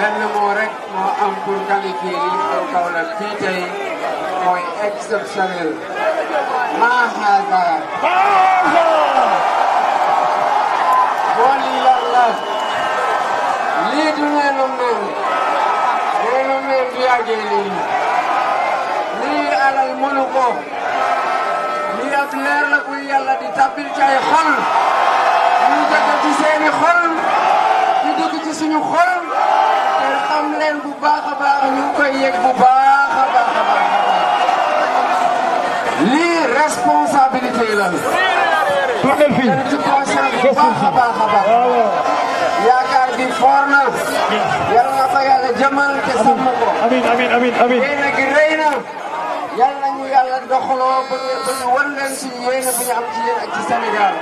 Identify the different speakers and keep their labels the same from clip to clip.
Speaker 1: benn moo rek moo am pour qualifier yi pour Kaolack fii mooy exceptionnel maa haaza moon yàlla lii du neenu mel neenu mel du yàggee lii lii alal mënu lii ab leer la buy di tabbil ci ay xol ñu jëkk seeni xol bu baax a baax ñu ngi koy yëg bu baax a baax a baax lii responsabilité la. toogal fii ci conscience bu baax a baax a baax. yaakaar bi foor na. yal na ko yàlla jëmal te sàmm ko. amiin amiin amiin amiin. yéen a ngi rëy na. yal nañu yàlla doxaloo ba ñu wan leen suñu yéen a bu ñu am ci yéen ak ci Sénégal.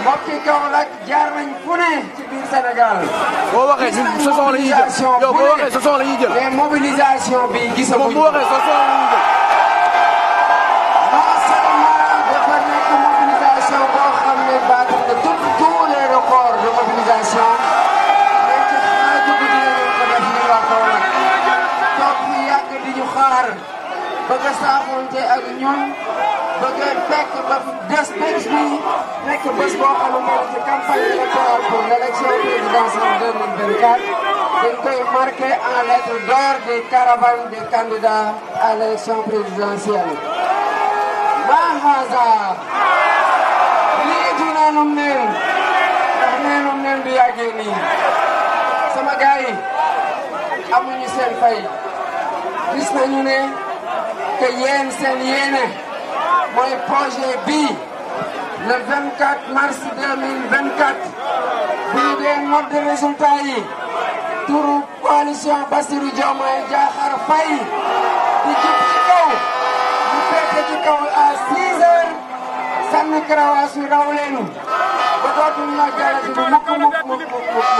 Speaker 1: mbokki Kaolack jaar nañ fu ne ci biir Sénégal. boo waxee ñun la ñuy jël yow mobilisation bi gisaguñu. moom bu waxee ce sont la ñuy jël. non mobilisation boo xam ne battre na tous tous les records de mobilisation. mais ci xaaju bu xaar bëgg a saafoonte ak ñun. le jij kijkt dat destijds die lekker best wel de campagne électorale pour l'élection présidentielle 2024 dañ peut marquer en lettre d'or des caravanes des candidats à l'élection présidentielle. Mahaza. lii dinañu neen ndax neenu neen du yàggee nii sama gars yi amuñu seen fay gis nañu ne que yéen seen yéene. mooy projet bii le 24 mars 2024 bii dee nodde résultat yi turu coalition Bassirou Diomaye Diakhar Faye di jub ci kaw di fekk ci kaw à 6 heures sànni karawaas yi raw leen ba dootul ñoo jaarati bu mukk mukk mukk mukk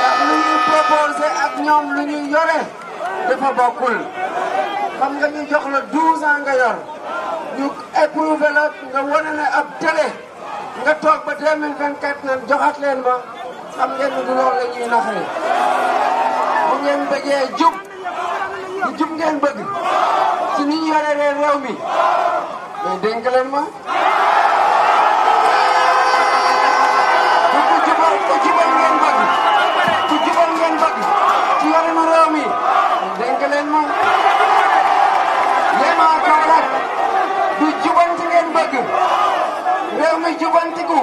Speaker 1: ndax lu ñuy proposé ak ñoom lu ñuy yore dafa bokkul xam nga ñu jox la 12 ans nga yor. ñu éprouvé la nga wone ne ab télé nga toog ba 2024 ne joxat leen ba xam ngeen du loolu la ñuy naxari bu ngeen bëggee jub di jub ngeen bëgg si ni ñu yore rew mi mais dénk leen ma fi jubantiku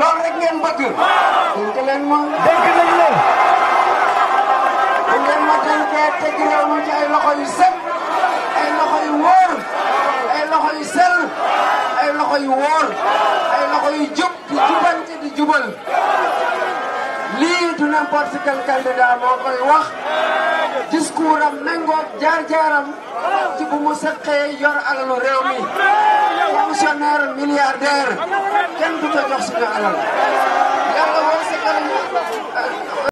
Speaker 1: loolu rek ngeen bëgg dénk leen ma ma dénkee teg réew loxo yu set ay loxo yu wóor ay loxo yu sell ay loxo yu wóor ay loxo yu jub di jubanti jubal lii du n'importe quel candidat moo koy wax discours am méngoog jaar-jaaram ci bu mu sëqee yor alalu réew mi fonctionnaire milliardaire kenn du ko jox suñu alal yàlla wërsëgal